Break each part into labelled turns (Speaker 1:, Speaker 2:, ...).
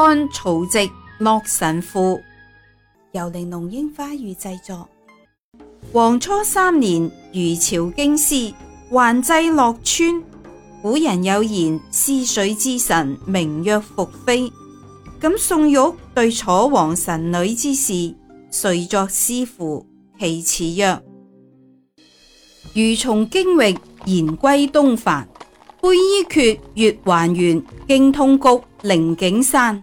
Speaker 1: 漢曹植洛神賦，由玲瓏櫻花語製作。黃初三年，余朝京師，還濟洛川。古人有言：斯水之神，名曰宓妃。感宋玉對楚王神女之事，遂作斯賦，其辭曰：余從京域，言歸東藩，背伊闕，越轘轅，經通谷，陵景山。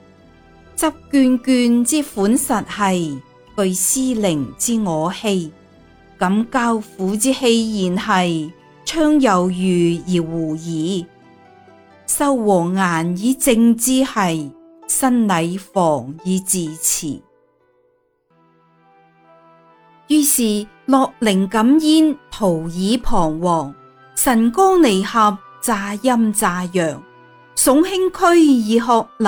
Speaker 1: 執眷眷之款實兮，懼斯靈之我欺，感交甫之棄言兮，悵猶豫而狐疑，收和顏以靜志兮，申禮防以自持。於是洛靈感焉，徙倚彷徨，神光離合，乍陰乍陽，竦輕軀以鶴立。